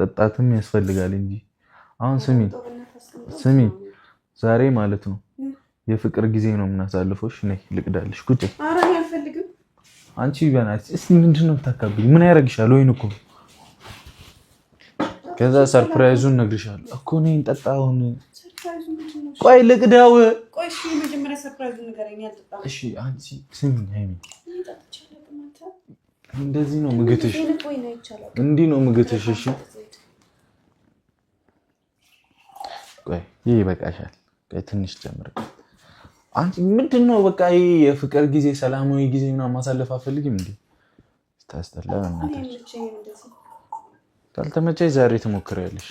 መጠጣትም ያስፈልጋል እንጂ አሁን ስሚ ስሚ ዛሬ ማለት ነው የፍቅር ጊዜ ነው የምናሳልፈው። እሺ ነይ ልቅዳልሽ። ቁጭ አንቺ በናትሽ እስቲ ምንድን ነው የምታካብኝ? ምን ያደርግሻል? ወይን እኮ ከዛ ሰርፕራይዙን ነግርሻል እኮ ነይ እንጠጣ። አሁን ቆይ ልቅዳው። እሺ አንቺ ስሚ ሃይሚ እንደዚህ ነው ምግትሽ፣ እንዲህ ነው ምግትሽ። እሺ ይህ ይበቃሻል፣ ትንሽ አንቺ ምንድን ነው በቃ ይህ የፍቅር ጊዜ ሰላማዊ ጊዜ ምናምን ማሳለፍ አፈልግም እንዴ? ስታስጠላ ዛሬ ትሞክሪያለሽ።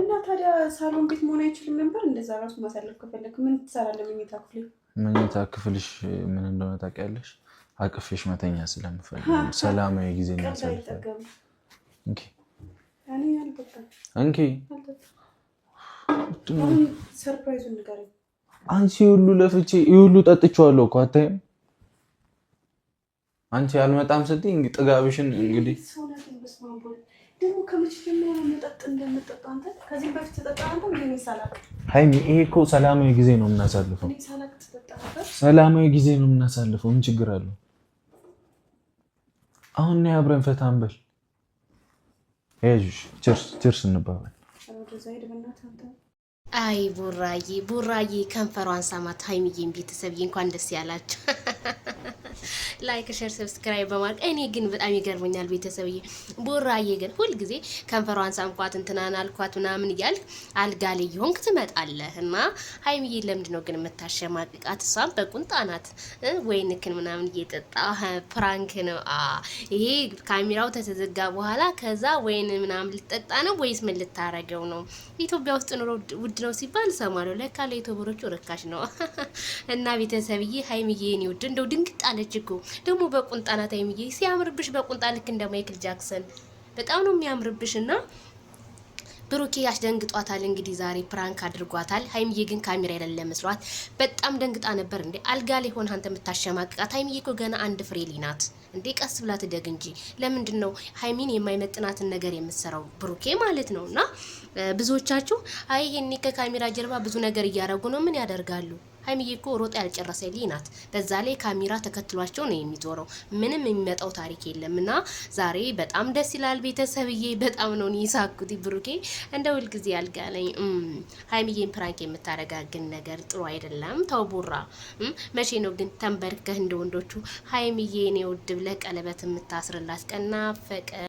እና ታዲያ ሳሎን ቤት መሆን አይችልም ነበር? እንደዛ ራሱ ማሳለፍ ከፈለግ ምን ትሰራለህ? መኝታ ክፍል መኝታ ክፍልሽ ምን እንደሆነ ታውቂያለሽ? አቅፌሽ መተኛ ስለምፈልግ ሰላማዊ ጊዜ እናሳልፋለን። አንቺ ሁሉ ለፍቼ ሁሉ ጠጥቼዋለሁ እኮ አታይም። አንቺ አልመጣም ስትይ እንግዲህ ጥጋብሽን እንግዲህ ሀይሚ ይሄ እኮ ሰላማዊ ጊዜ ነው የምናሳልፈው። ሰላማዊ ጊዜ ነው የምናሳልፈው። ምን ችግር አለው? አሁን አብረን ፈታንበል ጭርስ እንባባል። አይ ቡራዬ ቡራዬ ከንፈሯን ሳማት። ሀይሚዬን ቤተሰብዬ እንኳን ደስ ያላቸው። ላይክ፣ ሼር፣ ሰብስክራይብ በማድረግ እኔ ግን በጣም ይገርመኛል ቤተሰብዬ። ቦራዬ ግን ሁልጊዜ ከንፈሯን ሳምኳት እንትናን አልኳት ምናምን እያልክ አልጋ ላይ የሆንክ ትመጣለህ እና ሀይሚዬ ለምንድን ነው ግን የምታሸማቅቃት? እሷም በቁንጣ ናት ወይንክን ምናምን እየጠጣ ፕራንክ ነው ይሄ ካሜራው ተተዘጋ በኋላ ከዛ ወይን ምናምን ልጠጣ ነው ወይስ ምን ልታረገው ነው? ኢትዮጵያ ውስጥ ኑሮ ውድ ነው ሲባል ሰማለሁ። ለካ ለኢትዮበሮቹ ርካሽ ነው እና ቤተሰብዬ ሀይሚዬ እኔ ውድ እንደው ድንግጥ አለች እኮ ደግሞ በቁንጣና ታይምዬ ሲያምርብሽ በቁንጣ ልክ እንደ ማይክል ጃክሰን በጣም ነው የሚያምርብሽ እና ብሩኬ አስደንግጧታል። እንግዲህ ዛሬ ፕራንክ አድርጓታል። ሀይሚዬ ግን ካሜራ የሌለ መስሏት በጣም ደንግጣ ነበር። እንዴ አልጋ ላይ ሆነ አንተ የምታሸማቅቃት ሀይሚዬ እኮ ገና አንድ ፍሬ ሊናት እንዴ ቀስ ብላ ትደግ እንጂ ለምንድን ነው ሀይሚን የማይመጥናትን ነገር የምትሰራው? ብሩኬ ማለት ነው እና ብዙዎቻችሁ አይ ይሄኔ ከካሜራ ጀርባ ብዙ ነገር እያደረጉ ነው። ምን ያደርጋሉ? ሀይሚዬ እኮ ሮጣ ያልጨረሰ ልጅ ናት። በዛ ላይ ካሜራ ተከትሏቸው ነው የሚዞረው። ምንም የሚመጣው ታሪክ የለም እና ዛሬ በጣም ደስ ይላል። ቤተሰብዬ በጣም ነው ይሳኩት። ብሩኬ እንደ ሁልጊዜ አልጋ ሀይሚዬን ፕራንክ የምታረጋግን ነገር ጥሩ አይደለም። ተው ቡራ፣ መቼ ነው ግን ተንበርከህ እንደ ወንዶቹ ሀይሚዬን የውድ ብለህ ቀለበት የምታስርላት? ቀና ፈቀ